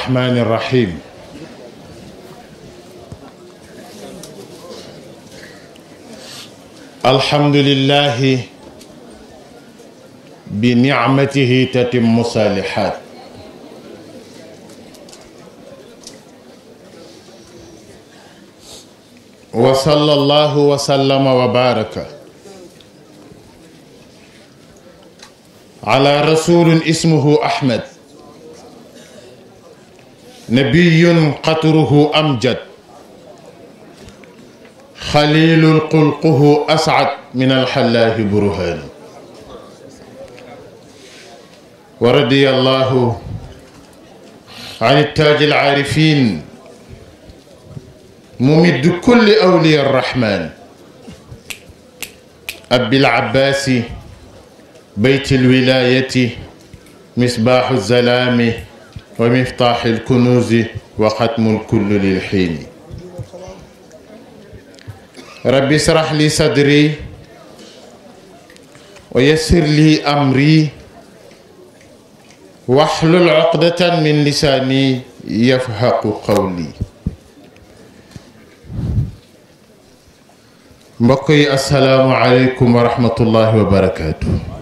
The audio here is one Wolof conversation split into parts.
الرحمن الرحيم الحمد لله بنعمته تتم الصالحات وصلى الله وسلم وبارك على رسول اسمه احمد nabiyun qatruhu amjad xalilun xulquhu asad min alxallaahi burhaani wa radiya allahu an taaji alcaarifin mumiddu kulli awliya arrahman abil abbaasi bayti alwilaayati misbaaxu zalaami wa miftaaxil kunuuzi wa xatmul kulli lil xiini rabbi sarax li sadri wa yassir li amri waxlul uqdatan min lisaani yafhaqu qawli mbokk yi asalaamu aleykum wa rahmatullahi wa barakaatu.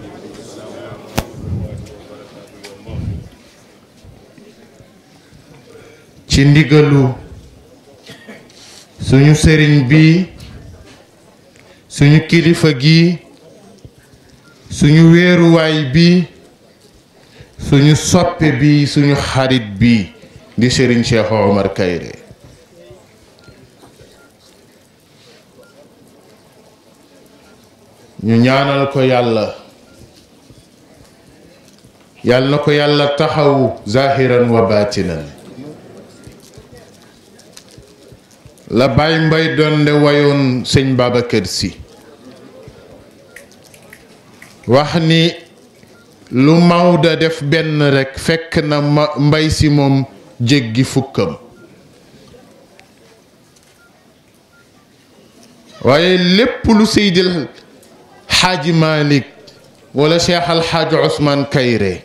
ci ndigalu suñu sëriñ bi suñu kilifa gi suñu wéeruwaay bi suñu soppe bi suñu xarit bi di sëriñ Cheikh Omar Kayre ñu ñaanal ko yàlla yàlla na ko yàlla taxawu zahiran wa baatinan la Baye Mbaye Donde wayoon sëñ Babacar Sy wax ni lu Maodo def benn rekk fekk na Mbaye Sy moom jéggi fukkam waaye lépp lu Seydil Xaaji Malick wala Cheikh Alxaaji Ousmane Kayre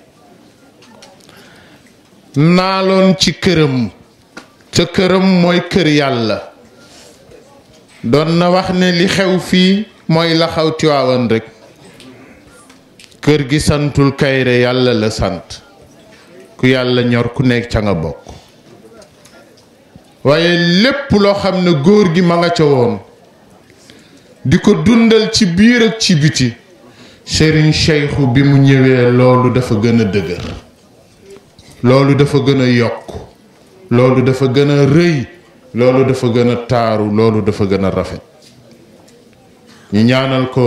naaloon ci këram te këram mooy kër yàlla doon na wax ne li xew fii mooy laxaw xaw Tiwaawan rekk kër gi santul Kayré yàlla la sant ku yàlla ñor ku nekk ca nga bokk waaye lépp loo xam ne góor gi ma nga ca woon di ko dundal ci biir ak ci biti sëriñ Cheikhou bi mu ñëwee loolu dafa gën a dëgër loolu dafa gën a yokk loolu dafa gën a rëy loolu dafa gën a taaru loolu dafa gën a rafet ñu ñaanal ko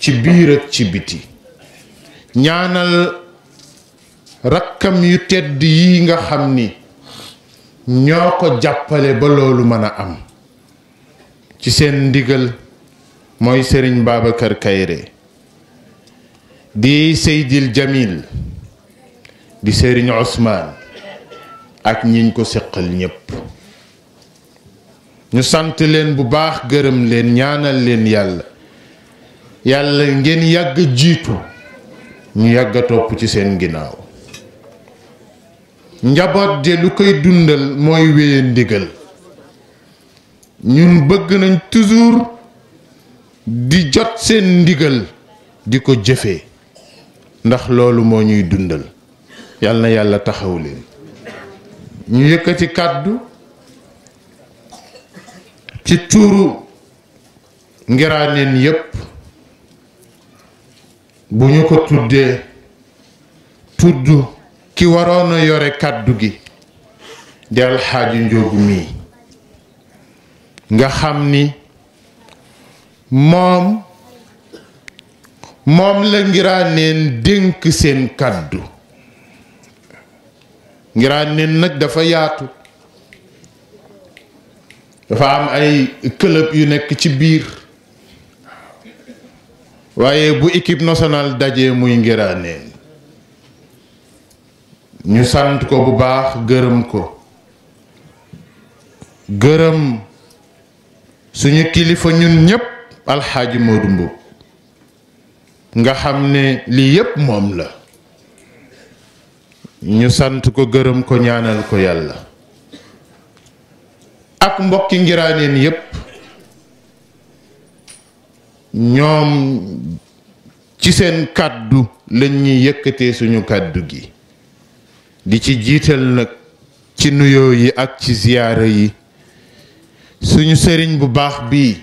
ci biir ak ci biti ñaanal rakkam yu tedd yi nga xam ni ñoo ko jàppale ba loolu mën a am ci seen ndigal mooy Serigne Babacar Kayré di Seydil Jamil di Serigne Ousmane ak ñiñ ko seqal ñépp ñu sant leen bu baax gërëm leen ñaanal leen yàlla yàlla ngeen yàgg jiitu ñu yàgg topp ci seen ginnaaw njaboot de lu koy dundal mooy wéye ndigal ñun bëgg nañ toujours di jot seen ndigal di ko jëfe ndax loolu moo ñuy dundal yàlla na yàlla taxaw leen ñu yëkkati kàddu ci tuuru ngiraaneen yépp bu ñu ko tuddee tudd ki waroon a yore kàddu gi di alxaaji njóogu mii nga xam ni moom moom la ngiraaneen dénk seen kàddu ngiraaneen nag dafa yaatu dafa am ay club yu nekk ci biir waaye bu équipe nationale daje muy Nguiranéne ñu sant ko bu baax gërëm ko gërëm suñu kilifa ñun ñépp alxaaji Modou Mbow nga xam ne lii yépp moom la ñu sant ko gërëm ko ñaanal ko yàlla ak mbokki ngiraaneen yépp ñoom ci seen kàddu lañ ñuy yëkkatee suñu kàddu gi di ci jiital nag ci nuyoo yi ak ci ziyaara yi suñu sëriñ bu baax bi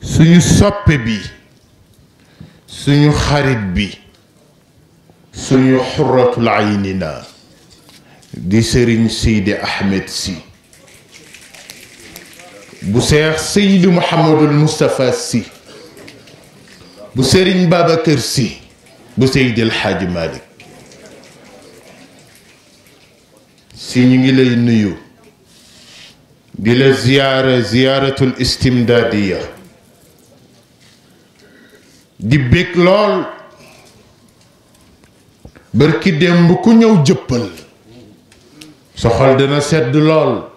suñu soppe bi suñu xarit bi suñu xuratul ayni di sëriñ Seydi Ahmed Sy bu seex Seydou Mouhamadul Moustapha Sy bu Serigne Babacar Sy bu Seydi El Hadji si ñu ngi lay nuyu di la ziyaara ziyaaratul istimdaadiya di bég lool bërki démb ku ñëw jëppal soxol dana sedd lool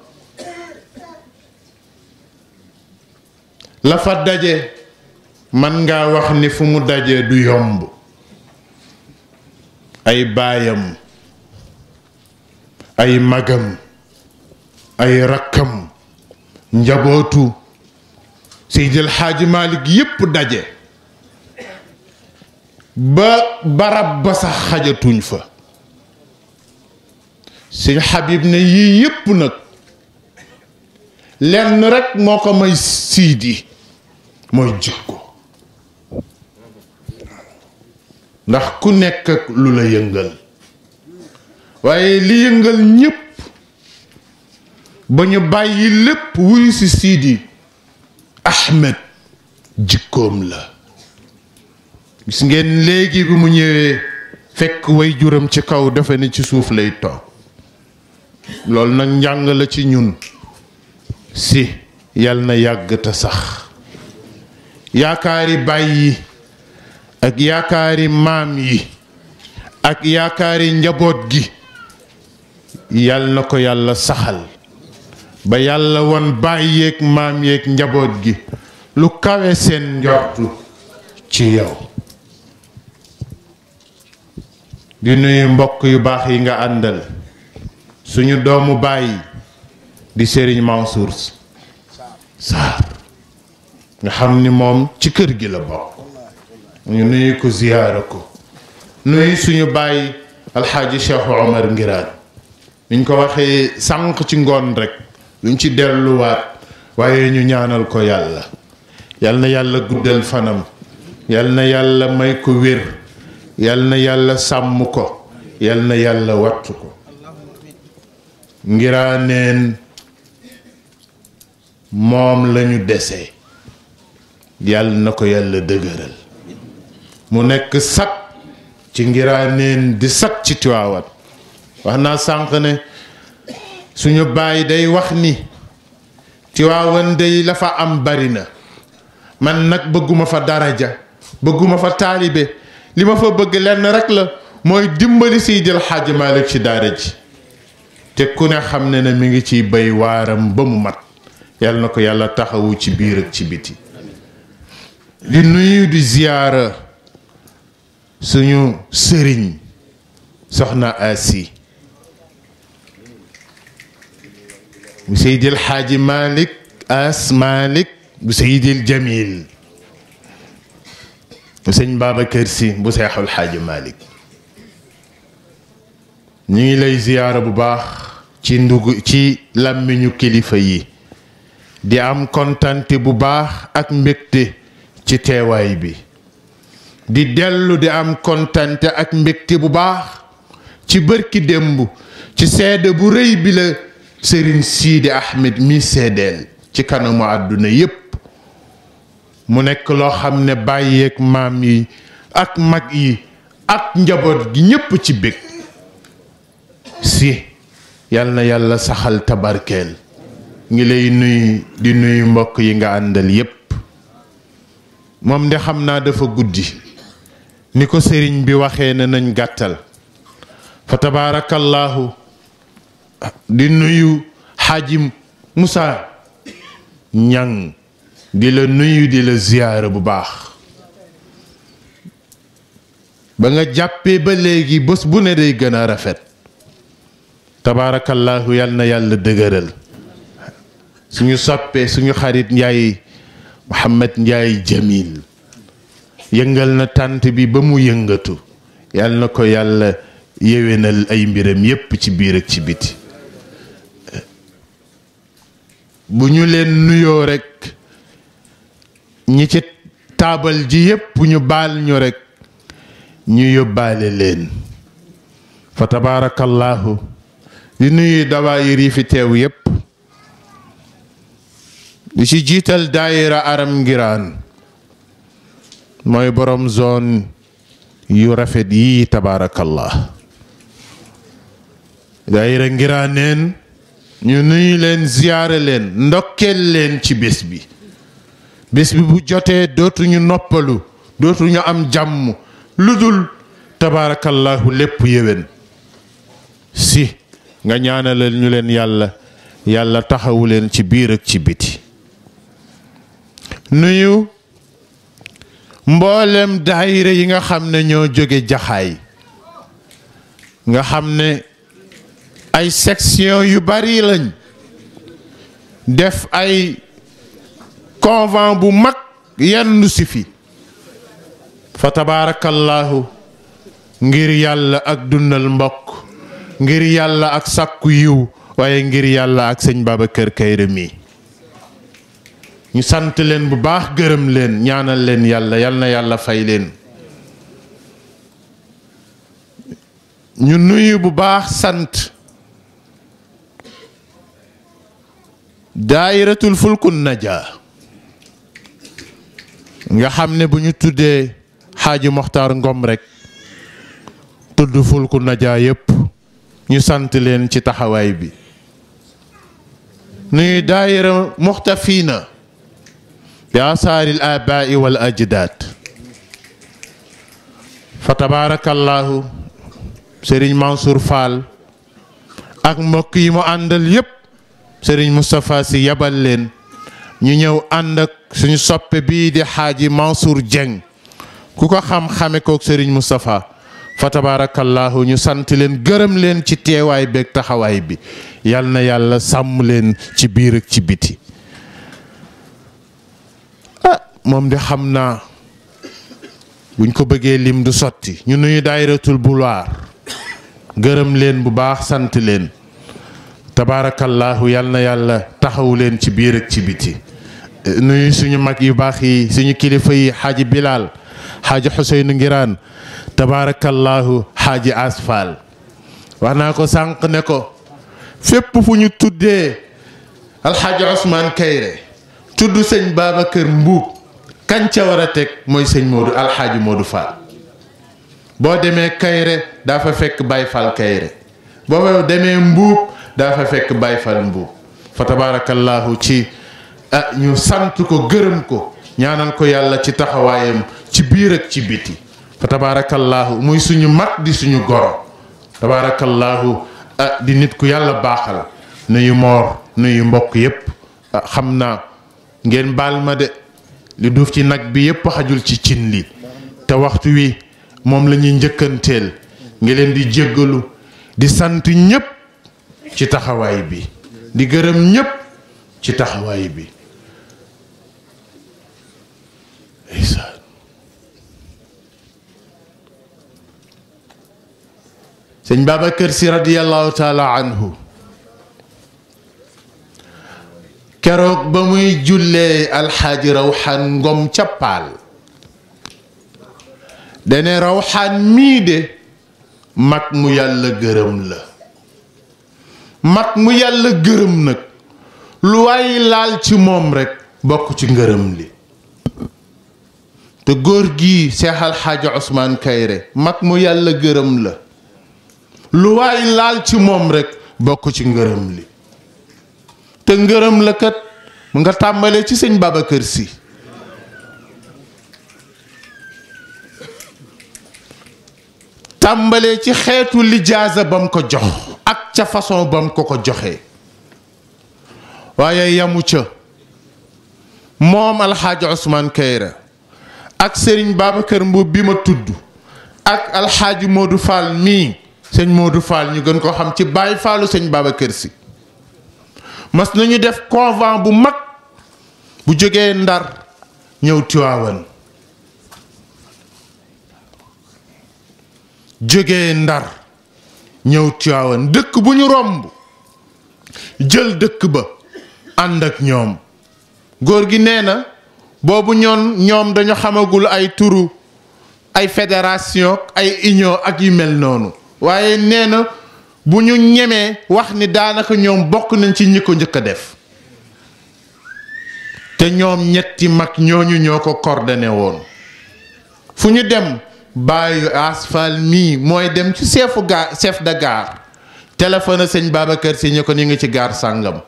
la fa daje man ngaa wax ni fu mu daje du yomb ay baayam ay magam ay rakkam njabootu Seydil Xaaji Malik yépp daje ba barab ba sax xajatuñ fa Sëñ Habib ne yii yépp nag lenn rekk moo ko may siidi mooy ko ndax ku nekk lu la yëngal waaye li yëngal ñépp ba ñu bàyyi lépp wuyu ci siidi Ahmed jikkoom la gis ngeen léegi bi mu ñëwee fekk way juram ci kaw dafa ne ci suuf lay toog loolu nag njàng la ci ñun si yal na yàgg te sax yaakaari baay yi ak yaakaari maam yi ak yaakaari njaboot gi yal na ko yàlla saxal ba yàlla won baay yeeg maam yeeg njaboot gi lu kawe seen njortu ci yow di nuyu mbokk yu baax yi nga àndal suñu doomu bàyyi di Serigne Mansour Sarr nga xam ni moom ci kër gi la bokk ñu nuyu ko ziyaara ko nuyu suñu bàyyi alxaaji Cheikh Omar Ngiraan niñ ko waxee sànq ci ngoon rekk luñ ci delluwaat waaye ñu ñaanal ko yàlla yal na yàlla guddal fanam yal na yàlla may ko wér yal na yàlla sàmm ko yal na yàlla wattu ko ngiraaneen moom lañu dese yàlla na ko yàlla dëgëral mu nekk sag ci ngiraaneen di sag ci Tiwaawan wax naa sànq ne suñu baay day wax ni Tiwaawan day la fa am bari na man nag bëgguma fa daraja bëgguma fa taalibe li ma fa bëgg lenn rek la mooy dimbali siy jël xaaji ci daara ji te ku ne xam ne ne mu ngi ciy bay waaram ba mu mat yàlla na ko yàlla taxawu ci biir ak ci biti di nuyu di ziyaara suñu sëriñ soxna Asi bu Seydil Xaaji Malik As Malik bu Seydil Jamil bu sëñ Babacar Si bu Seexul Xaaji Malik ñu ngi lay ziyaara bu baax ci ndug ci làmmiñu kilifa yi di am kontante bu baax ak mbégte ci teewaay bi di dellu di am kontante ak mbégte bu baax ci bërki démb ci seede bu rëy bi la sëriñ Siidi Ahmed mi seedeel ci kanamu àdduna yépp mu nekk loo xam ne bàyyeeg maam yi ak mag yi ak njaboot gi ñépp ci bég si yal na yàlla saxal tabarkeel ngi lay nuy di nuyu mbokk yi nga àndal yépp moom de xam naa dafa guddi ni ko sëriñ bi waxee ne nañ gàttal fa tabaarakallaahu di nuyu xaajim Moussa ñang di la nuyu di la ziyaara bu baax ba nga jàppee ba léegi bés bu ne day gën a rafet tabaarakallaahu yal na yàlla dëgëral suñu soppee suñu xarit njaay Mouhamed njaay Jamil yëngal na tànt bi ba mu yëngatu yàlla na ko yàlla yéwénal ay mbiram yépp ci biir ak ci biti bu ñu leen nuyoo rekk ñi ci taabal ji yépp ñu baal ñu rekk ñu yóbbaale leen fa tabaarakallaahu di nuyu dawaayir yi fi teew yépp di ci jiital daayira aram ngiraan mooy borom zone yu rafet yii tabaarakallah daayira ngiraaneen ñu nuy leen ziyaare leen ndokkeel leen ci bés bi bés bi bu jotee dootuñu noppalu ñu am jàmm lu dul tabaarakallahu lépp yéwén si nga ñaanalal ñu leen yàlla yàlla taxawu leen ci biir ci biti nuyu mboolem daayira yi nga xam ne ñoo jóge jaxaay nga xam ne ay section yu bari lañ def ay convent bu mag yenn si fi fa tabaarakallaahu ngir yàlla ak dundal mbokk ngir yàlla ak sàkku yiw waaye ngir yàlla ak sëñ kër Kaïré mi ñu sant leen bu baax gërëm leen ñaanal leen yàlla yal na yàlla fay leen ñu nuyu bu baax sant daayiratul fulkun najaa nga xam ne bu ñu tuddee xaaji moxtaar ngom rekk tudd fulku najaa yépp ñu sant leen ci taxawaay bi nuyu daayira muxtafiina bi asaaril abaai wal ajdaad fa tabaarakallaahu sëriñ Mansour Fall ak mbokk yi mu àndal yépp sëriñ Moustapha si yabal leen ñu ñëw ànd ak suñu soppe bii di xaaji Mansour Dieng ku ko xam-xame kook sëriñ Moustapha fa tabaarakallaahu ñu sant leen gërëm leen ci teewaay beeg taxawaay bi yal na yàlla sàmm leen ci biir ak ci biti moom de xam naa buñ ko bëggee lim du sotti ñu nuyu daayiratul bulwaar gërëm leen bu baax sant leen tabaarakallaahu yal na yàlla taxawu leen ci biir ak ci biti nuyu suñu mag yu baax yi suñu kilifa yi xaaji bilaal xaaji xuseynu ngiraan tabaarakallaahu xaaji asfaal wax naa ko sànq ne ko fépp fu ñu tuddee alxaaji Ousmane Kayre tudd sëñ Babacar Mbuub kañ ca war a teg mooy sëñ Modou alxaaji Modou Fall boo demee Kayre daa fa fekk Baye Fall Kayre boo demee Mbuub daa fa fekk Baye Fall Mbuub fa tabaarakallaahu ci ñu sant ko gërëm ko ñaanal ko yàlla ci taxawaayam ci biir ak ci biti fa tabaarakallaahu muy suñu mag di suñu goro tabaarakallaahu ah di nit ku yàlla baaxal nuyu moor nuyu mbokk yépp xam naa ngeen baal ma de. li duuf ci nag bi yépp xajul ci cin li te waxtu wi moom lañuy ñuy njëkkanteel ngi leen di jéggalu di sant ñépp ci taxawaay bi di gërëm ñépp ci taxawaay bi sëñ Babacar Si radiyallahu taala anhu keroog ba muy jullee alxaaji rawxaan ngom cappaal dane rawxaan mii de mag mu yàlla gërëm la mag mu yàlla gërëm nag lu waay laal ci moom rekk bokk ci ngërëm li te góor gi seexal alxaaji Ousmane Kayre mag mu yàlla gërëm la lu waay laal ci moom rekk bokk ci ngërëm li te ngërëm la kat mu nga tàmbalee ci sëñ Babacar si tàmbalee ci xeetu lijaasa ba mu ko jox ak ca façon ba mu ko ko joxee waaye yamu ca moom alxaaji Ousmane Kayra ak sëriñ Babacar Mbuub bi ma tudd ak alxaaji Modou Fall mii sëñ Modou Fall ñu gën koo xam ci Baay Fallu sëñ Babacar Sy mas nañu def convent bu mag bu jógee ndar ñëw Tiwaawan jógee ndar ñëw Tiwaawan dëkk bu ñu romb jël dëkk ba ànd ak ñoom góor gi nee na boobu ñoon ñoom dañu xamagul ay turu ay fédération ay union ak yu mel noonu waaye nee na bu ñu ñemee wax ni daanaka ñoom bokk nañ ci ñi ko njëkk def te ñoom ñetti mag ñooñu ñoo ko coordonné woon fu ñu dem bàyyi asfal mii mooy dem ci chefu ga chef de gare téléphone baaba kër si ñu ko ñu ngi ci gaar sàngam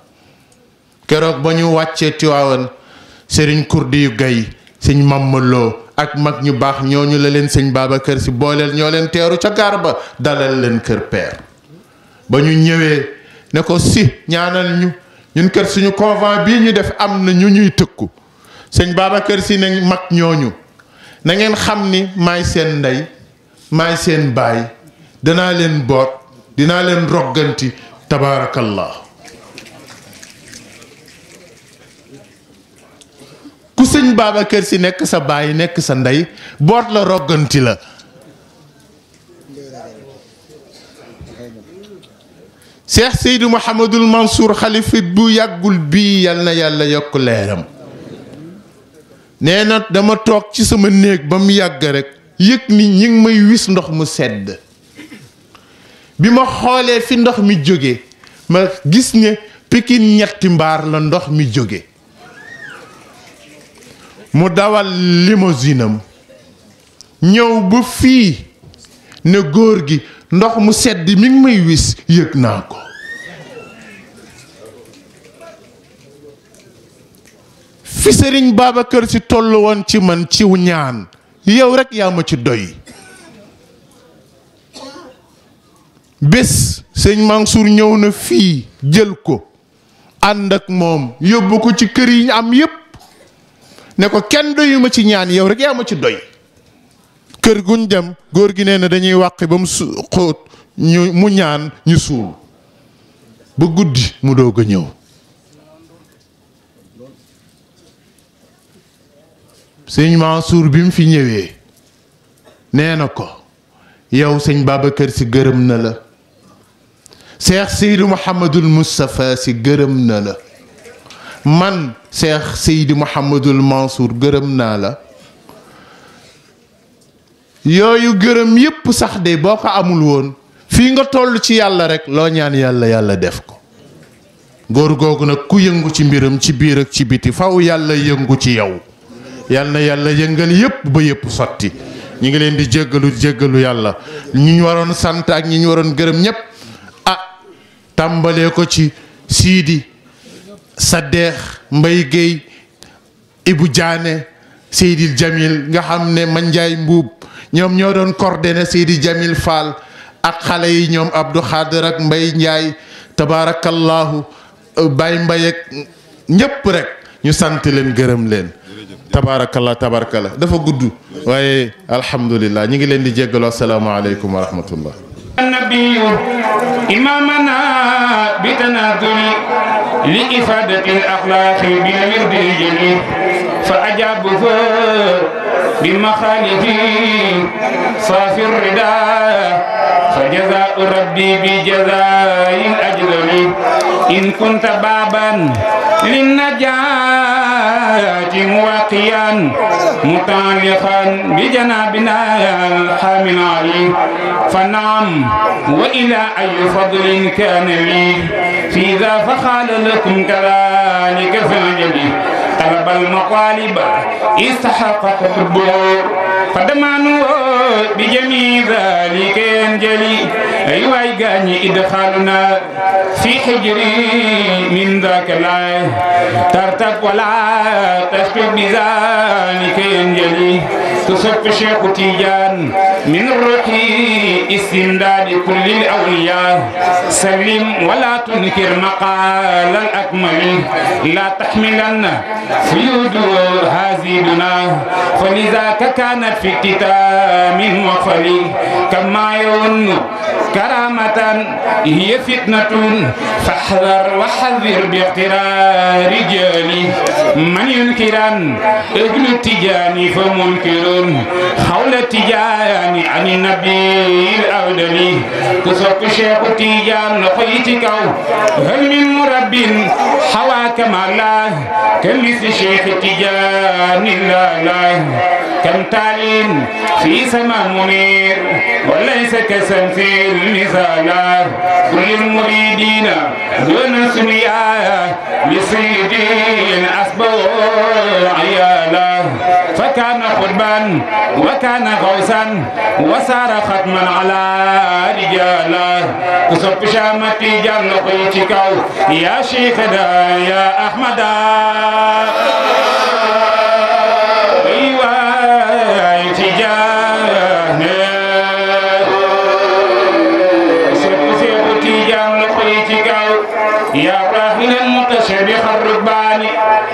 keroog ba ñu wàccee Tiwaawan sëriñ kurdi yu gay sëñ mammaloo ak mag ñu baax ñooñu la leen sëñ kër si booleel ñoo leen teeru ca gaar ba dalal leen kër peer ba ñu ñëwee ne ko si ñaanal ñu ñun kër suñu convent bii ñu def am na ñu ñuy tëkku sëñ kër si ne mag ñooñu na ngeen xam ni may seen ndey maay seen baay danaa leen boot dinaa leen rogganti tabaarakallah ku sëñ Babacar si nekk sa baay nekk sa ndey boot la rogganti la Cheikh Seydou Mouhamadul Mansour xalifit bu yàggul bii yal na yàlla yokk leeram nee na dama toog ci sama néeg ba mu yàgg rekk yëg ni ñi may wis ndox mu sedd bi ma xoolee fi ndox mi jóge ma gis ne pikin ñetti mbaar la ndox mi jóge mu dawal limousine am ñëw fii ne góor gi ndox mu sedd mi ngi may wis yëg naa ko fi sëriñ kër si tollu woon ci man ciw ñaan yow rekk yaa ma ci doy bés sëñ Mansour ñëw na fii jël ko ànd ak moom yóbbu ko ci kër yi am yépp ne ko kenn doyu ma ci ñaan yow rekk yaa ma ci doy kër gun dem góor gi nee na dañuy wàqi ba mu xóot mu ñaan ñu suul ba guddi mu doog a ñëw sëñ Mansour bi mu fi ñëwee nee na ko yow sëñ kër ci gërëm na la seex Seydi Mouhamadul Moustapha si gërëm na la man seex Seydi Mouhamadul Mansour gërëm naa la yooyu gërëm yépp sax de boo ko amul woon fii nga toll ci yàlla rek loo ñaan yàlla yàlla def ko góor googu nag ku yëngu ci mbiram ci biir ak ci biti faw yàlla yëngu ci yow yal na yàlla yëngal yépp ba yépp sotti ñu ngi leen di jéggalu jéggalu yàlla ñi ñu waroon sant ak ñi ñu waroon gërëm ñépp ah tàmbalee ko ci siidi saddeex mbay géey ibu jaane seydil jamil nga xam ne ma njaay mbuub ñoom ñoo doon coordonné di Jamil Fall ak xale yi ñoom Abdou Khader Mbay Njaay tabaarakallaahu euh, Baye Mbay ak ñëpp rekk ñu santi leen gërëm leen. tabaarakallaa tabaarakallaa dafa gudd. waaye alhamdulillah ñu ngi leen di jéggalu asalaamaaleykum wa rahmatullah. النبي إمامنا بتنازل لإفادة الأخلاق بالورد الجليل فأجابه بمخالفي صافي الرداء فجزاء ربي بجزاء أجرم إن كنت بابا للنجاة واقيا متعلقا بجنابنا الحامل عليه فنعم وإلى أي فضل كان لي في ذا فقال لكم كذلك في الجنة طلب المقالب استحق حبه فدمانه بجميع ذلك ينجلي أيوة يغني إدخالنا في حجري من ذاك الله ترتب ولا تشكو بذلك ينجلي تصف شيخ تيجان من الرقي استمداد كل الأولياء سلم ولا تنكر مقال الأكمل لا تحملن سيود هازيدنا فلذاك كانت في اكتتام وفلي كما يظن كرامة هي فتنة فاحذر وحذر باقترار رجالي من ينكرن ابن التجاني فمنكر خول التجاني الرضوان عن النبي الأودمي تصب شيخ تيجان لقيتك هل من مرب حواك مع الله كمثل شيخ تيجان لا لا كم تعليم في سماء منير وليس كسم في المثال كل المريدين دون سنيا لسيدين أصبوا عيالا فكان قربا وكان غوثا وسار ختما على رجاله كسب شامتي جان قيتك يا شيخنا يا احمد يا راهن المتشابه الركبان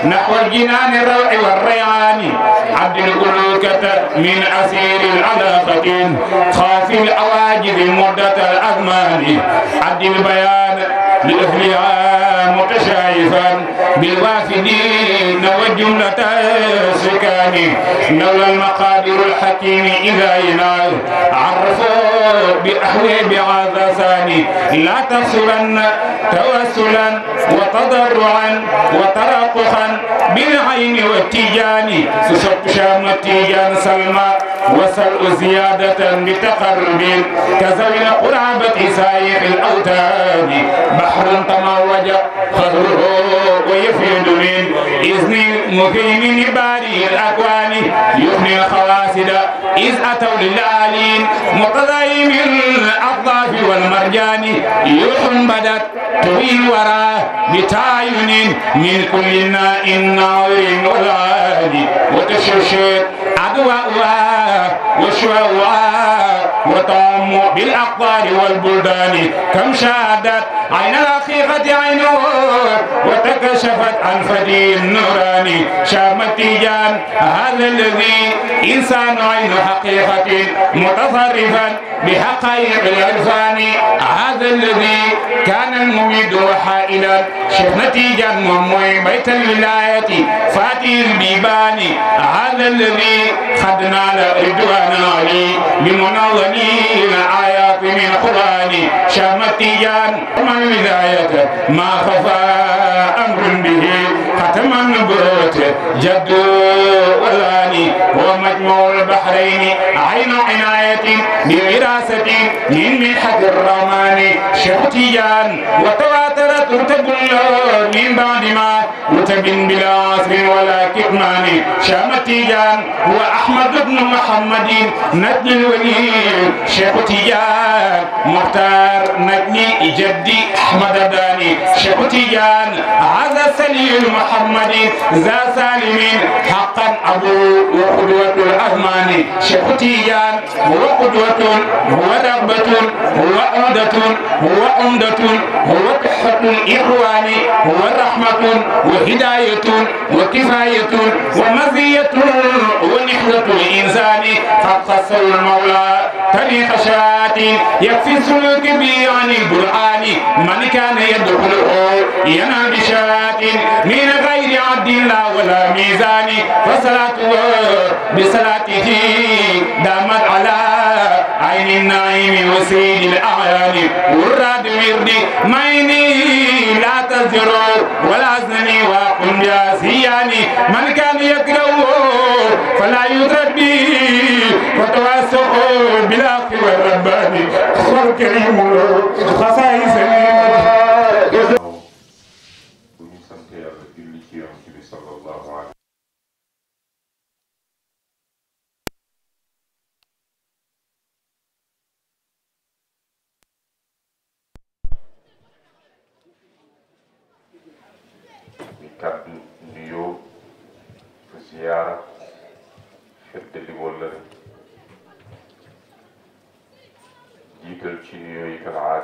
نحو الجنان الروع والريعان عبد الألوكة من أسير العلاقة خاف الأواجب مدة الأزمان عبد البيان لأهلها متشايفا بالوافدين والجملة السكان نولى المقادر الحكيم إذا ينال عرفوا بأحوي بعذا ثاني لا تفسرن توسلا وتضرعا وترقخا بالعين والتيجان سشط شام التيجان سلمى وسل زيادة بتقرب كزمن قرابة سايق الأوتاد بحر تموج قدره ويفيد من إذن مكيم باري الأكوان يغني الخواسد إذ أتوا للآلين مقتضيم الأطراف والمرجان يلحم بدت تغي وراه بتعين من كل ناء نار ولاد وتشوشت عدوى وشوى وطام بالأقطار والبلدان كم شاهدت عين الحقيقة عينه وتكشفت عن فدي النوراني شام التيجان هذا الذي إنسان عين حقيقة متصرفا بحقائق العرفان هذا الذي كان المميد وحائلا شيخ نتيجا مموي بيت الولاية فاتي البيباني هذا الذي خد نال رضوان علي بمنظم ثمانين آيات من قرآن شام التيجان من ولاية ما خفى أمر به ختم النبوت جد والآن ومجموع البحرين عين عناية بوراستي من منحة الرحمن شيخ تيجان وتواترت رتب من بعد ما رتب بلا عصر ولا كتمان شام تيجان وأحمد بن محمد نجل الولي شيخ تيجان مختار نجلي جدي أحمد داني شيخ تيجان هذا سليل محمد ذا سالم حقا أبو وقدوة الأزمان شيخ تيجان قدوة ورغبة وعمدة وعمدة وتحة إخوان ورحمة وهداية وكفاية ومزية ومحنة الإنسان فاقتص المولى طريق شات يكفي السلوك به عن البرهان من كان يدخله ينال بشات من غير عبد الله ولا ميزان فصلاته بصلاته دامت على عين النائم وسيد الأعيان والراد وردي ميني لا تزجر ولا أزني وقم بياسياني من كان يكفي فلا يربي وتواسقوا بلا قوى رباني خلق الملوك خصائص الملوك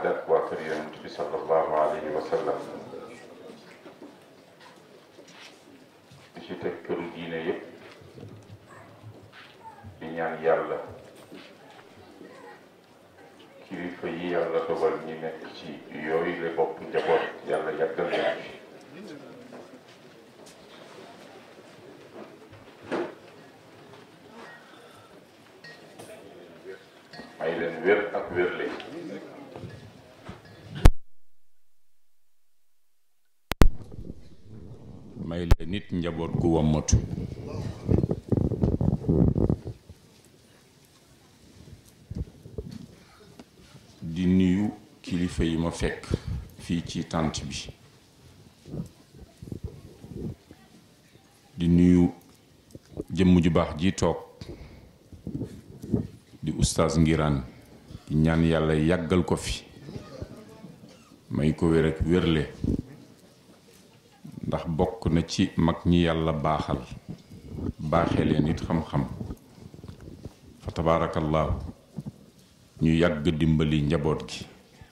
ànd ak waa kër yonent bi sallallahu alayhi wa sallam fekk fii ci tànt bi di nuyu jëmm ju baax ji toog di oustaz Ngiraan di ñaan yàlla yàggal ko fi may ko wér wérle ndax bokk na ci mag ñi yàlla baaxal baaxee leen it xam-xam fa tabaarakallaahu ñu yàgg dimbali njaboot gi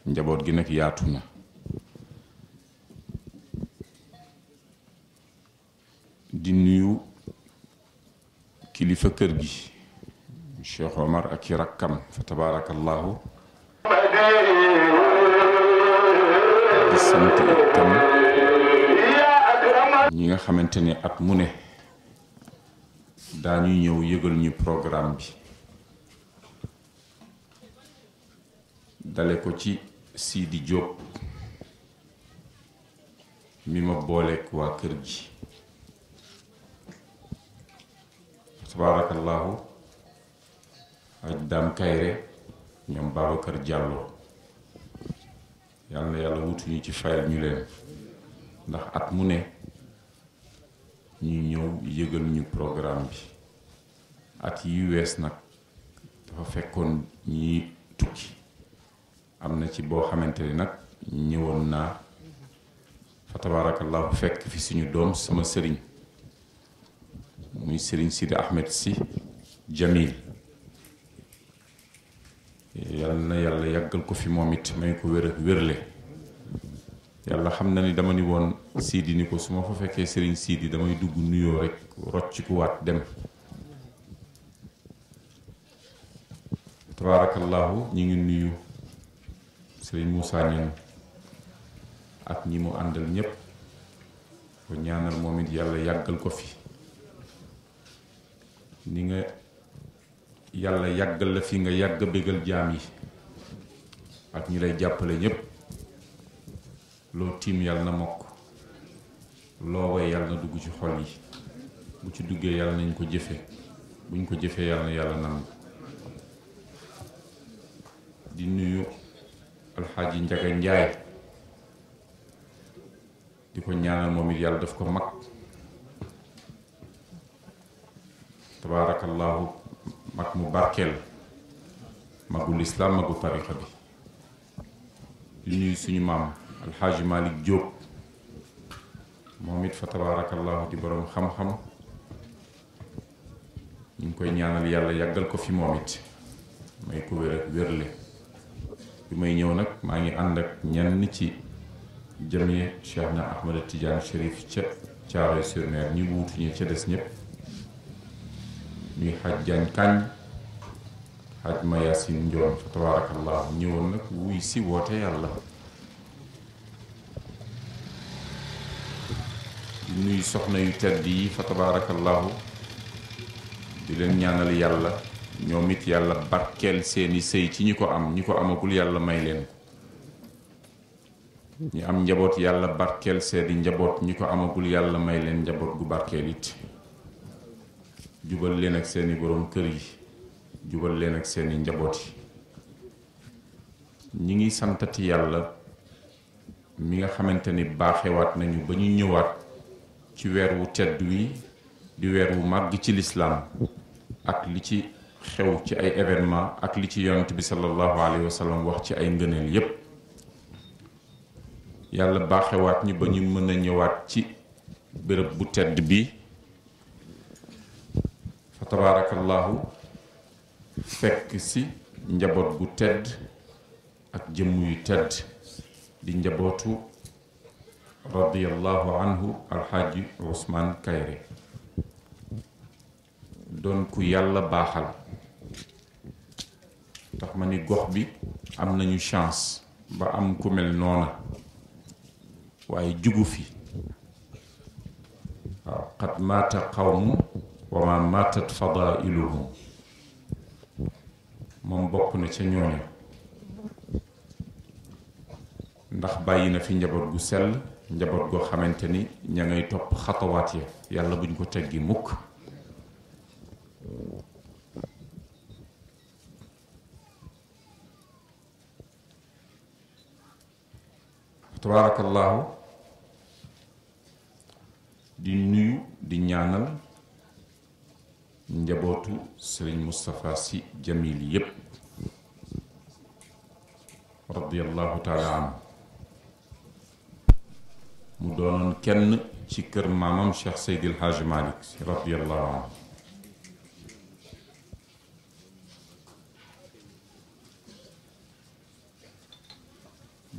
njaboot gi nag yaatu na di nuyu kilifa kër gi Cheikh Omar ak i rakkam fa tabaarakallaahu di ñi nga xamante ni at mu ne daañuy ñëw yëgal ñu programme bi dale ko ci Sidi Diop mi ma booleeg waa kër gi tabaarakallaahu ak daam kayre ñoom Babacar Diallo yàlla yàlla wutuñu ci fayal ñu leen ndax at mu ne ñu ñëw yëgal ñu bi at yi wees nag dafa fekkoon ñi tukki am na ci boo xamante ni nag ñëwoon naa fa tabaarakallaahu fekk fi suñu doom sama sëriñ muy sëriñ Sidi Ahmed si Jamil yal na yàlla yàggal ko fi moom it may ko wér wérle yàlla xam na ni dama ni woon Sidi ni ko su ma fa fekkee sëriñ Sidi damay dugg nuyoo rek roccikuwaat dem tabaarakallaahu ñu ngi nuyu Serigne Moussa ñun ak ñi mu àndal ñépp ko ñaanal moom it yàlla yàggal ko fi ni nga yàlla yàggal la fi nga yàgg bégal jaam yi ak ñi lay jàppale ñépp loo tiim yàlla na mokk loo way yàlla na dugg ci xol yi bu ci duggee yàlla nañ ko jëfe buñ ko jëfee yàlla na yàlla nangu di nuyu alxaaji njaga njaay di ko ñaanal moom it yàlla daf ko mag tabaarakallaahu mag mu barkeel magul islaam magu tariqa bi di nuyu suñu maam alxaaji malik jóob moom it fa tabaarakallaahu di boroom xam-xam ñu ngi koy ñaanal yàlla yàggal ko fi moom it may ko wér wérle bi may ñëw nag maa ngi ànd ak ñenn ci jamiya Cheikh na Ahmada Tidiane Chérif ca Thiaroye sur Mer ñu ca des ñëpp ñuy xaj jaañ kàññ xaj ma yaasin njoon fa tabaarakallahu ñëwoon nag wuy si woote yàlla di soxna yu tedd yi fa tabaarakallahu di leen ñaanal yàlla ñoom it yàlla barkeel seeni sëy ci ñi ko am ñi ko amagul yàlla may leen ko ñi am njaboot yàlla barkeel seeni njaboot ñi ko amagul yàlla may leen njaboot gu barkeel it jubal leen ak seeni boroom kër yi jubal leen ak seeni njaboot yi ñi ngi santati yàlla mi nga xamante ni baaxewaat nañu ba ñu ñëwaat ci weer wu tedd wi di weer wu màgg ci lislaam ak li ci xew ci ay événement ak li ci yonent bi sallallahu alayhi wa wax ci ay ngëneel yépp yàlla baaxewaat ñi ba ñu mën a ñëwaat ci bërëb bu tedd bi fa tabaarakallaahu fekk si njaboot bu tedd ak jëmm yu tedd di njabootu radiyallahu anhu alxaaji Ousmane Kayre doon ku yàlla baaxal tax ma ni gox bi am nañu chance ba am ku mel noona waaye jugu fi waaw qad maata qawmu wa ma maatat fadailuhum moom bokk na ca ñooñu ndax bàyyi na fi njaboot gu sell njaboot goo xamante ni ña ngay topp xatawaat ya yàlla buñ ko teg gi mukk tabaarakallaahu di nuyu di ñaanal njabootu sëriñ Moustapha Sy Jamil yépp radiallahu taala anhu mu doonoon kenn ci kër maamam Cheikh Seydil Hadj Malick Sy radiallahu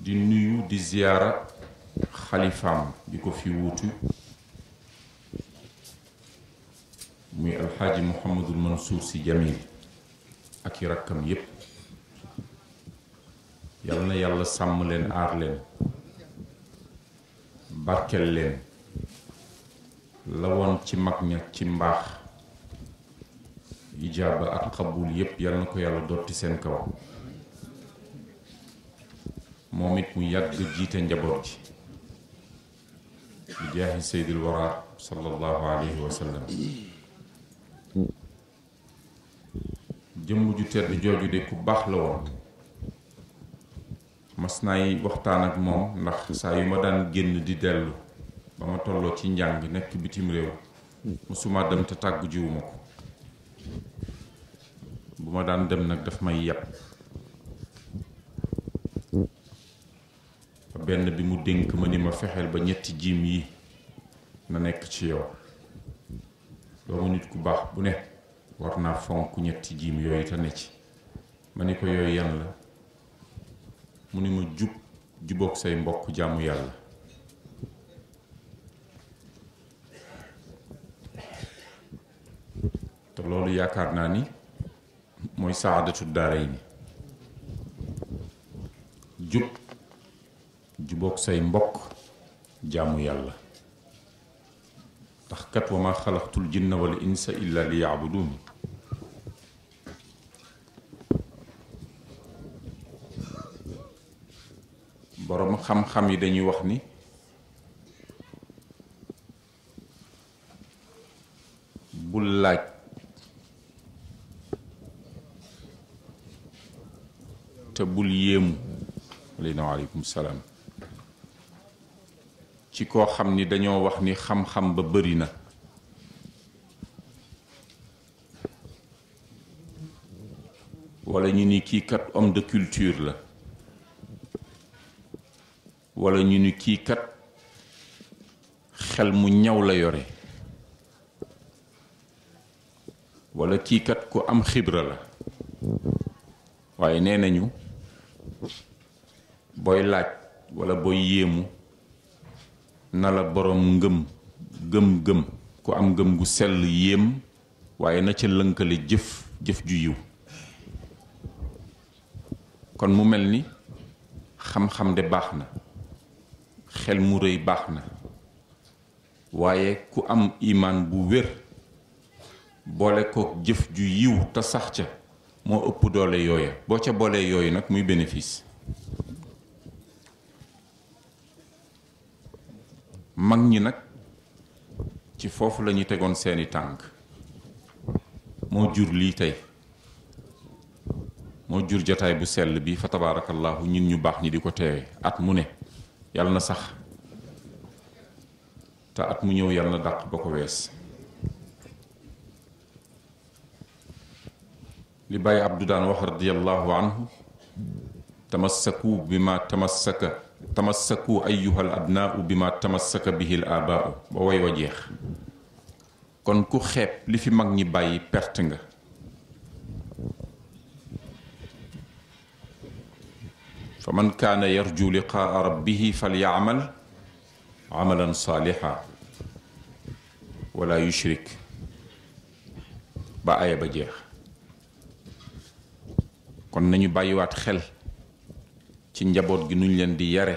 di nuyu di ziyaara xalifaam bi ko fi wuutu muy alxaaji Mouhamadul Mansour si Jamil ak i rakkam yépp yal na yàlla sàmm leen aar leen barkel leen la ci mag ña ci mbaax ijaaba ak xabul yépp yal na ko yàlla dotti seen kaw moom it mu yàgg jiite njaboot ji bi jaahi seydil wara sallallahu alayhi wa jëmm ju tedd jooju de ku baax la woon mas naay waxtaan ak moom ndax saa yu ma daan génn di dellu ba ma tolloo ci njàng nekk bitim réew musuma dem te tàggu jiwuma ko bu ma daan dem nag daf may yàpp benn bi mu dénk ma ni ma fexeel ba ñetti jiim yi na nekk ci yow doomu nit ku baax bu ne war naa fonk ñetti jiim yooyu te ne ci ma ni ko yooyu yan la mu ni ma jub juboog say mbokk jaamu yàlla te loolu yaakaar naa ni mooy saadatu daaray ni jub jubook say mbokk jàmm yàlla ndax kat wa ma xalaqtul jinna wal insa illa li yaabudun boroom xam-xam yi dañuy wax ni bul laaj te bul yéemu aleyna waaleykum salaam ci koo xam ni dañoo wax ni xam-xam ba bari na wala ñu ni kii kat homme de culture la walla ñu ni kii kat xel mu ñaw la yore wala kii kat ku am xibra la waaye nee nañu booy laaj walla booy yéemu na la borom ngëm gëm-gëm ku am ngëm gu sell yéem waaye na ca lënkale jëf jëf ju yiw kon mu mel ni xam-xam de baax na xel mu rëy baax na waaye ku am imaan bu wér boole kook jëf ju yiw te sax ca moo ëpp doole yooya boo ca boolee yooyu nag muy bénéfice mag ñi nag ci foofu la ñu tegoon seeni tànk moo jur lii tey moo jur jataay bu sell bi fa tabaarakallaahu ñun ñu baax ñi di ko teewe at mu ne yàlla na sax te at mu ñëw yàlla na dàq ba ko wees li bàyyi abdu daan wax radiallahu anhu tamassaku bi ma tamassaka tamassaku ayyuhal abnaau bi ma tamassaka bihil ba woy wa jeex kon ku xeeb li fi mag ñi bàyyi pert nga fa man kaana yarju liqaa rabbihi falyaamal amalan saaliha wala yushrik ba aaya jeex kon nañu bàyyiwaat xel ci njaboot gi nuñ leen di yare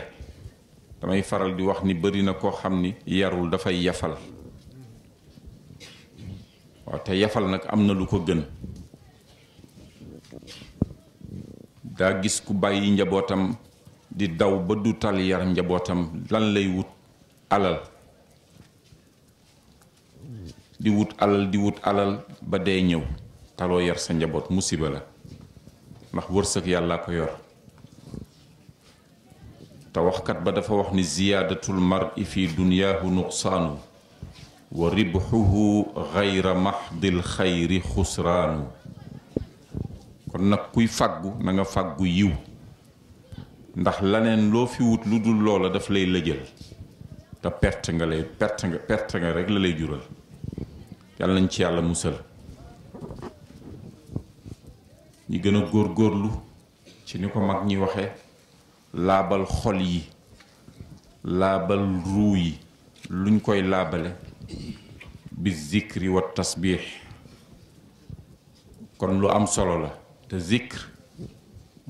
damay faral di wax ni bari na koo xam ni yarul dafay yafal waaw te yafal nag am na lu ko gën daa gis ku bàyyi njabootam di daw ba du tal yar njabootam lan lay wut alal di wut alal di wut alal ba dee ñëw taloo yar sa njaboot musiba la ndax wërsëg yàlla ko yor te waxkat ba dafa wax ni ziyaadatul mari fi dunyaahu nuqsaanu wa ribxuhu gayra maxdil xayri xusraanu kon nag kuy fàggu na nga fàggu yiw ndax laneen loo fi wut lu dul loola daf lay lëjal te perte nga lay perte nga perte nga rek la lay jural yàlla nañ ci yàlla musal ñi gën góor góorgóorlu ci ni ko mag ñi waxe laabal xol yi laabal ruu yi luñ koy laabale bi zikri wa tasbiix kon lu am solo la te zikr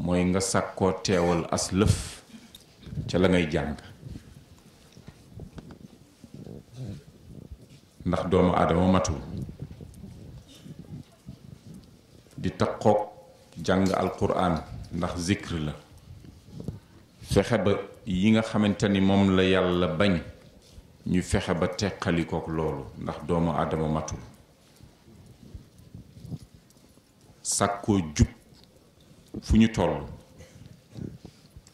mooy nga sàkkoo teewal as lëf ca la ngay jàng ndax doomu aadama matul di takkook jàng alquran ndax zikr la fexe ba yi nga xamante ni moom la yàlla bañ ñu fexe ba teqalikook loolu ndax doomu aadama matul sàkkoo jub fu ñu toll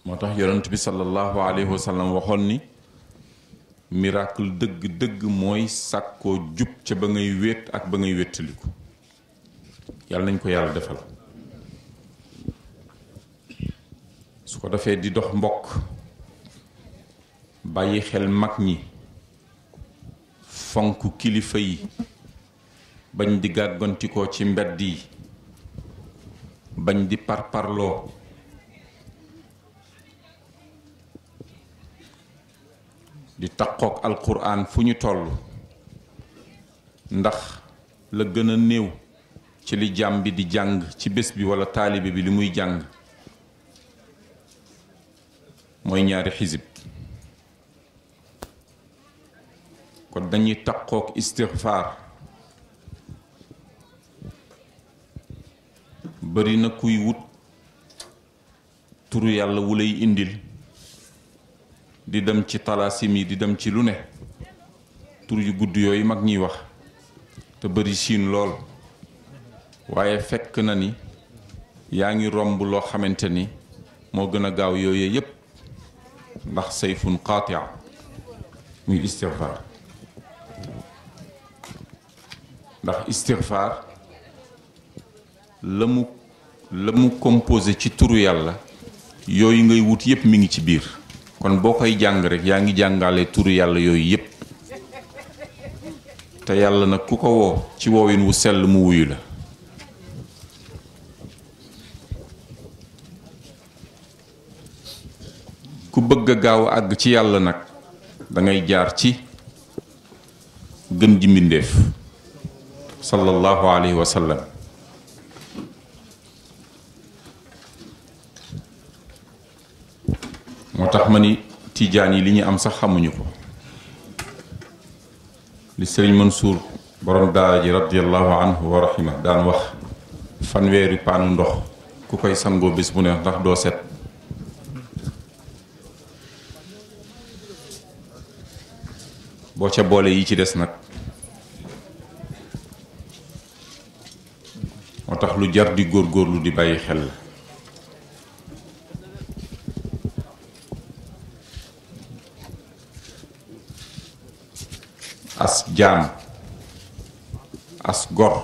moo tax yonent bi sallallahu alayhi wa sallam waxoon ni miracle dëgg-dëgg mooy sàkkoo jub ca ba ngay wéet ak ba ngay wéttaliku yàlla nañ ko yàlla defal su ko defee di dox mbokk bàyyi xel mag ñi fonk kilifa yi bañ di gàggantikoo ci mbedd yi bañ di parparloo di taqook alquran fu ñu toll ndax la gën a néew ci li jàmm bi di jàng ci bés bi wala taalibe bi li muy jàng mooy ñaari xisib kon dañuy takkook istixfaar bari na kuy wut tur yàlla wu lay indil di dem ci talaasim yi di dem ci lu ne tur yu gudd yooyu mag ñuy wax te bari siin lool waaye fekk na ni yaa ngi romb loo xamante ni moo gën a gaaw yooyee yépp ndax sayfun qaatia muy istigfaar la mu la mu composé ci turu yàlla yooyu ngay wut yépp mi ngi ci biir kon boo koy jàng rek yaa ngi jàngale turu yàlla yooyu yépp te yàlla nag ku ko woo ci woowin wu sell mu wuyu la ku bëgg a gaaw àgg ci yàlla nag dangay jaar ci gën ji mbindéef sallallahu alayhi moo tax ma ni tiijaan yi li ñu am sax xamuñu ko li sëriñ Mansuur borom daara ji radiallahu anhu wa rahima daan wax fanweeri paanu ndox ku koy sangoo bés bu ne ndax doo set boo ca boole yi ci des nag moo tax lu jar di góor góorgóorlu di bàyyi xel la as jaam as gor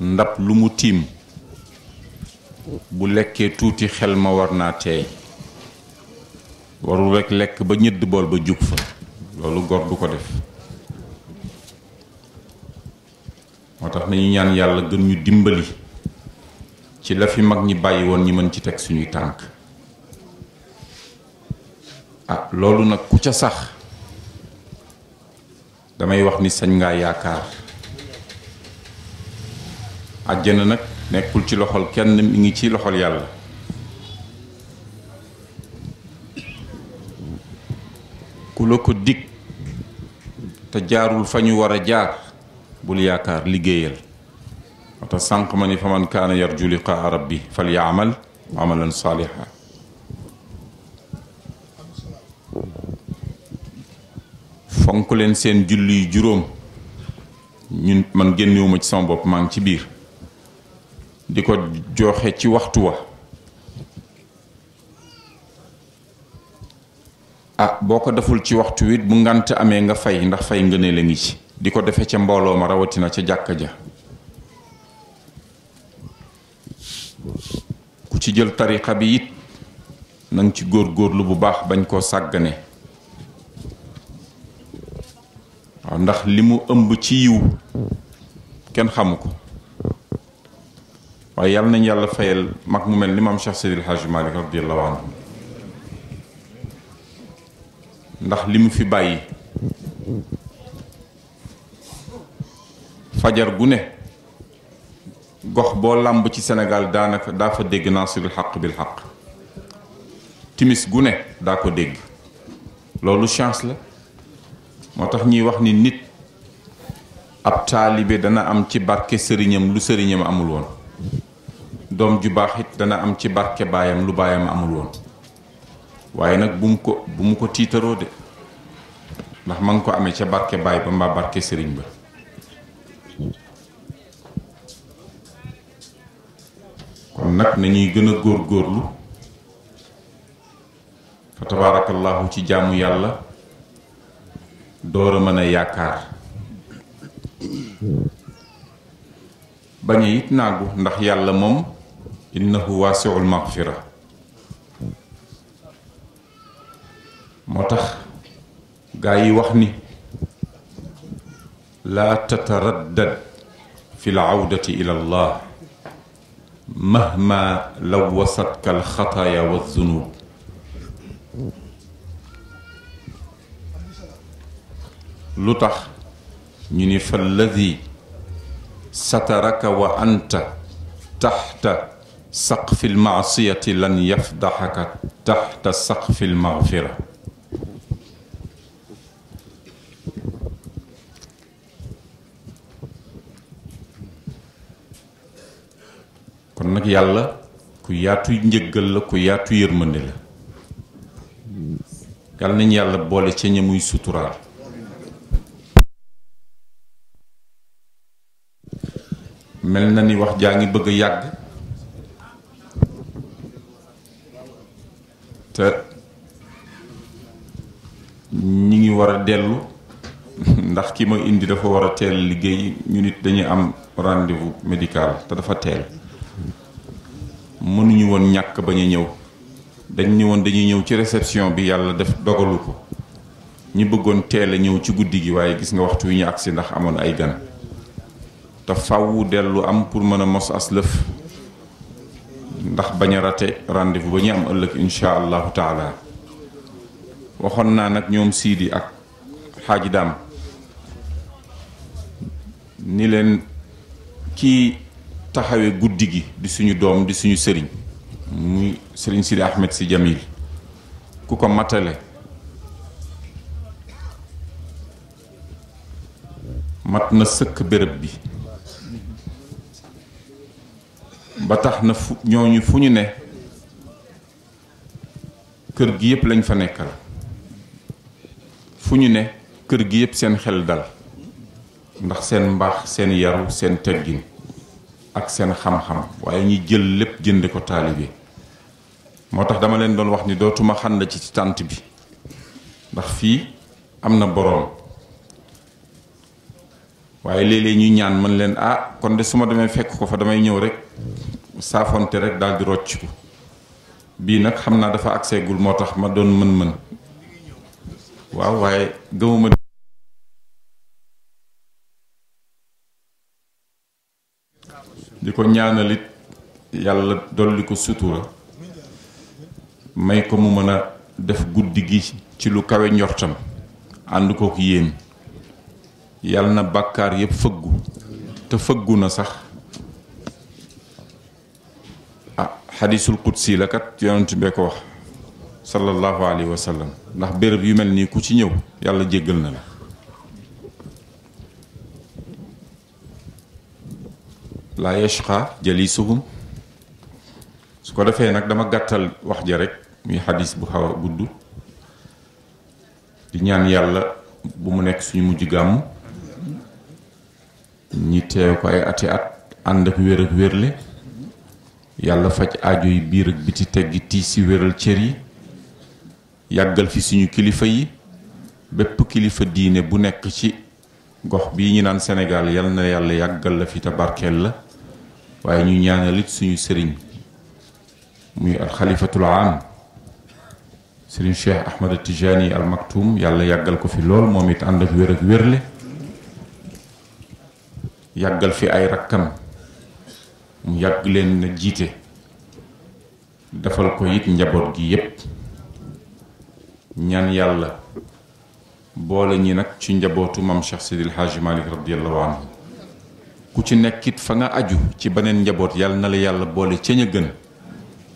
ndab lu mu tiim bu lekkee tuuti xel ma war naa teey warul rekk lekk ba ñëdd bool ba jug fa loolu góor du ko def moo tax nañu ñaan yàlla gën ñu dimbali ci la fi mag ñi bàyyi woon ñi mën ci teg suñuy tànk ah loolu nag ku ca sax damay wax ni sañ ngaa yaakaar àjjana nag nekkul ci loxol kenn mi ngi ci loxol yàlla ku la ko dig te jaarul fa ñu war a jaar bul yaakaar liggéeyal wata sànq ma ni fa man kaana yarju liqaa rabbi fal yaamal amalan saaliha fonk leen seen julli juróom ñun man génnewuma ci sama bopp maa ngi ci biir di ko joxe ci waxtu wa ah boo ko deful ci waxtu wit bu ngant amee nga fay ndax fay ngëne la ngi ci di ko defee ca mbooloo ma rawatina ca jàkka ja ku ci jël tariqa bi it nang ci góor góorlu bu baax bañ koo sàggane waaw ndax li mu ëmb ci yiw kenn xamu ko waaye yàlla nañ yàlla fayal mag mu mel ni maam Cheikh Seydil Hadji Malick radiyallahu anhu ndax li mu fi bàyyi fajar gu ne gox boo làmb ci Sénégal daanaka daa fa dégg naasirul xaq bil xaq timis gu ne daa ko dégg loolu chance la moo tax ñuy wax ni nit ab taalibe dana am ci barke sëriñam lu sëriñam amul woon doom ju baax it dana am ci barke baayam lu baayam amul woon waaye nag bu mu ko bu mu ko tiitaroo de ndax ma nga ko amee ca barke baay ba mbaa barke sëriñ ba kon nag nañuy gën a góor góorlu fa tabaarakallaahu ci jaamu yàlla door a mën a yaakaar bañ a it naagu ndax yàlla moom innahu waasiul magfira moo tax gaa yi wax ni laa tataraddad fi l awdati ila allah mahma lawasatka alxataaya wa zunub lu tax ñu ni fa alladi sataraka wa anta taxta saqfi almaasiyati lan yafdaxaka taxta saqfi almaxfira kon nag yàlla ku yaatu njëggal la ku yaatu yërmande la yàlla nañ yàlla boole ca ña muy suturaal mel na ni wax jaa ngi bëgg a yàgg te ñi ngi war a dellu ndax ki ma indi dafa war teel liggéey ñu nit dañuy am rendez-vous médical te dafa teel mënuñu woon ñàkk ba ñu ñëw dañ ne woon dañuy ñëw ci réception bi yàlla def dogalu ko ñi bëggoon teel a ñëw ci guddi gi waaye gis nga waxtu wi ñu agsi ndax amoon ay gan te faw dellu am pour mën a mos as lëf ndax bañ a rate rendez-vous ba ñu am ëllëg incha allahu taala waxoon naa nag ñoom siidi ak xaaji daam ni leen kii taxawee guddi gi di suñu doom di suñu sëriñ muy sëriñ Sidi Ahmed si Jamil ku ko matale mat na sëkk bërëb bi ba tax na fu ñooñu fu ñu ne kër gi yëpp lañ fa nekkal fu ñu ne kër gi yëpp seen xel dal ndax seen mbaax seen yaru seen teggin ak seen xam-xam waaye ñu jël lépp jënd ko taalibe moo tax dama leen doon wax ni dootuma xànd ci ci tànt bi ndax fii am na boroom waaye léeg-léeg ñuy ñaan mën leen ah kon de su ma demee fekk ko fa damay ñëw rek saafonte rek daal di rocc ko bii nag xam naa dafa agseegul moo tax ma doon mën-mën waaw waaye gëmuma li ko ñaanalit yàlla dolli ko sutura may ko mu mën a def guddi gi ci lu kawe njortam ànd kook yéen yàlla na bàkkaar yépp fëggu te fëggu na sax ah xadisul qudsi la kat yonent bee ko wax sallallahu alayhi wa sallam ndax béréb yu mel nii ku ci ñëw yàlla jéggal na la laa yashqa jalisuhum su ko defee nag dama gàttal wax ja rek muy xadis bu xaw a gudd di ñaan yàlla bu mu nekk suñu mujj gàmm ñi teew ko ay ati at ànd ak wér ak wérle yàlla faj aajo yi biir ak biti teggi tiis si wéral yi yàggal fi suñu kilifa yi bépp kilifa diine bu nekk ci gox bii ñu naan Sénégal yal na yàlla yàggal la fi te barkeel la waaye ñu ñaanal suñu sëriñ muy alxalifatul am sëriñ Cheikh Ahmad Tijaani al maktum yàlla yàggal ko fi lool moom it ànd ak wér ak wérle yàggal fi ay rakkam mu yàgg leen na jiite defal ko it njaboot gi yépp ñaan yàlla boole ñi nag ci njabootu mam Cheikh Sidil Haaji Malick radiyallahu anhu ku ci nekkit fa nga aju ci beneen njaboot yàlla na la yàlla boole ca a gën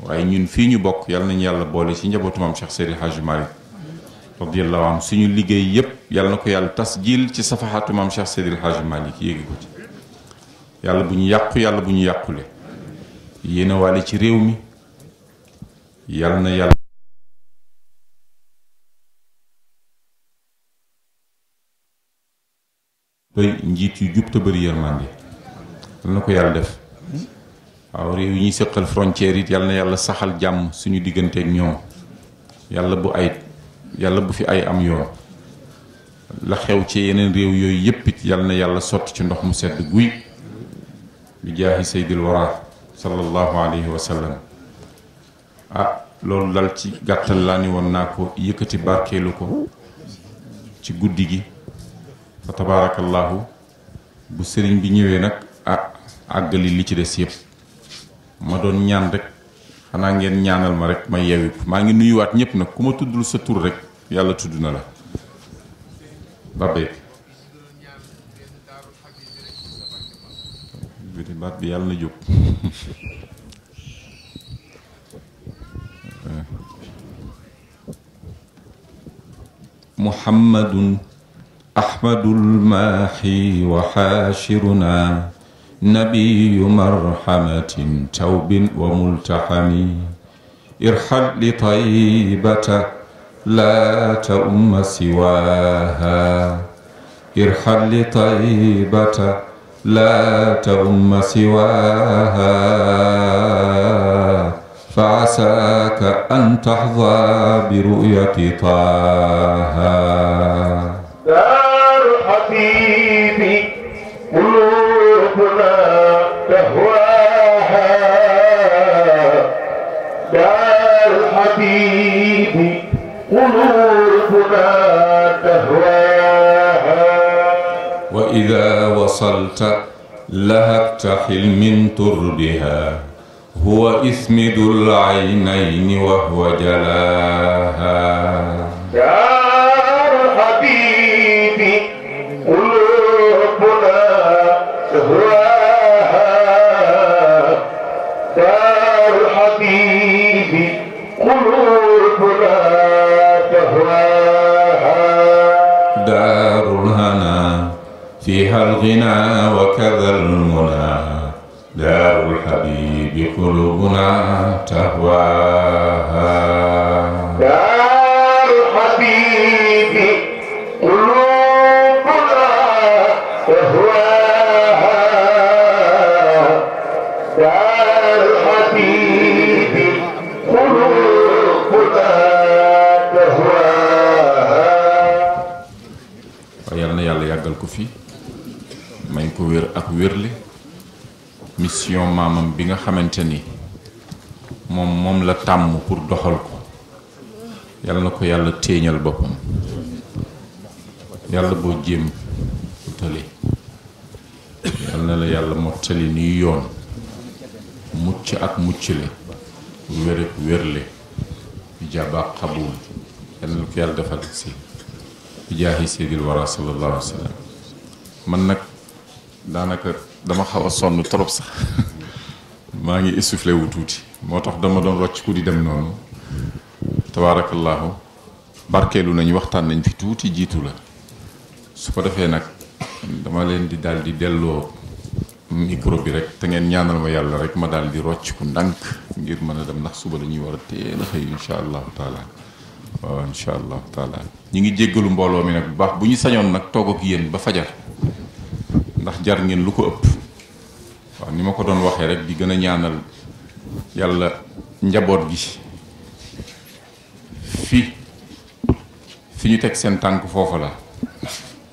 waaye ñun fii ñu bokk yal nañu yàlla boole ci njabootu maam Cheikh Seydi Hadji Malick radiyallahu anhu suñu liggéey yépp yàlla na ko yàlla tas jiil ci safaxatu maam Cheikh Seydi Hadji Malick yéegi ko ci yàlla bu ñu yàqu yàlla bu ñu yàqule yéen a waale ci réew mi yàlla na yàlla bay njiit yu jub te bëri yërmande yal na ko yàlla def waaw réew yi ñuy sëqal frontière it yal na yàlla saxal jàmm suñu digganteeg ñoom yàlla bu ay yàlla bu fi ay am yoon la xew ci yeneen réew yooyu yëpp it na yàlla sotti ci ndox mu sedd guy bi jaahi saydil wara sallallahu alayhi wa sallam ah loolu dal ci gàttal laa ni woon naa ko yëkkati barkeelu ko ci guddi gi fa tabaarakallaahu bu sëriñ bi ñëwee nag ah àggali li ci des yëpp ma doon ñaan rek xanaa ngeen ñaanal ma rek ma yeewi maa ngi nuyuwaat ñëpp nag ku ma tuddul sa tur rek yàlla tudd na la Babé baat bi yàlla na jóg محمد أحمد الماحي وحاشرنا nabiyu marhamatin tawbin wa multahami irhad li taybata laa ta umma siwaaha irhad li taybata laa ta umma siwaaha fa asaaka an tahdaa bi ru'yati taaha الحبيب قلوبنا تهواها وإذا وصلت لهكت حلم تربها هو إسمد العينين وهو جلاها الغنى وكذا المنى دار الحبيب قلوبنا تهواها دار الحبيب wérle mission maamam bi nga xamante ni moom moom la tàmm pour doxal ko yàlla na ko yàlla téeñal boppam yàlla boo jéem utali yàlla na la yàlla mottali niy yoon mucc ak muccale wér ak wérle ijaaba qabul yàlla na ko yàlla defal si bijaahi seydil wara sallallahu alayhi wa sallam nag daanaka dama xaw a sonn trop sax maa ngi essoufflé wu tuuti moo tax dama doon rocc ku di dem noonu tabaarakallaahu barkeelu nañu waxtaan nañ fi tuuti jiitu la su ko defee nag dama leen di daal di delloo micro bi rek te ngeen ñaanal ma yàlla rek ma daal di rocc ku ndànk ngir mën a dem ndax suba dañuy war a teel a xëy incha allahu taala waaw incha allahu taala ñi ngi jéggalu mbooloo mi nag bu baax bu ñu sañoon nag toog ak yéen ba fajar ndax jar ngeen lu ko ëpp waaw ni ma ko doon waxee rek di gën a ñaanal yàlla njaboot gi fi fi ñu teg seen tànk foofa la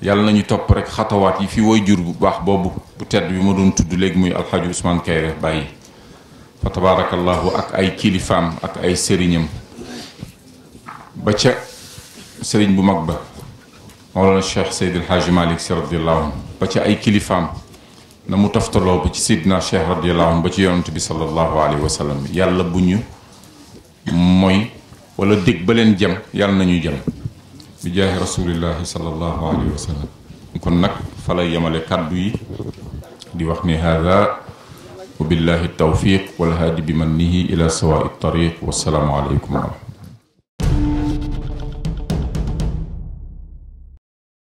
yàlla nañu topp rek xatawaat yi fi woy jur bu baax boobu bu tedd bi ma doon tudd léegi muy alxaaji Ousmane Kayre bàyyi fa tabaarakallahu ak ay kilifaam ak ay sëriñam ba ca sëriñ bu mag ba Mawlana Cheikh Seydil Hadji Malick Sy radiyallahu anhu ba ci ay kilifaam na mu taftaloo ba ci sidna Cheikh radiyallahu anhu ba ci yonent bi sallallahu alayhi wa sallam yàlla bu ñu mooy wala dégg ba leen jëm yàlla nañu jëm bi jaahi rasulillahi sallallahu alayhi wa sallam kon nag fa lay yemale kàddu yi di wax ni hada wa billahi tawfiq walhaadi bi mannihi ila sawaai tariq wasalaamu aleykum wa rahmatullah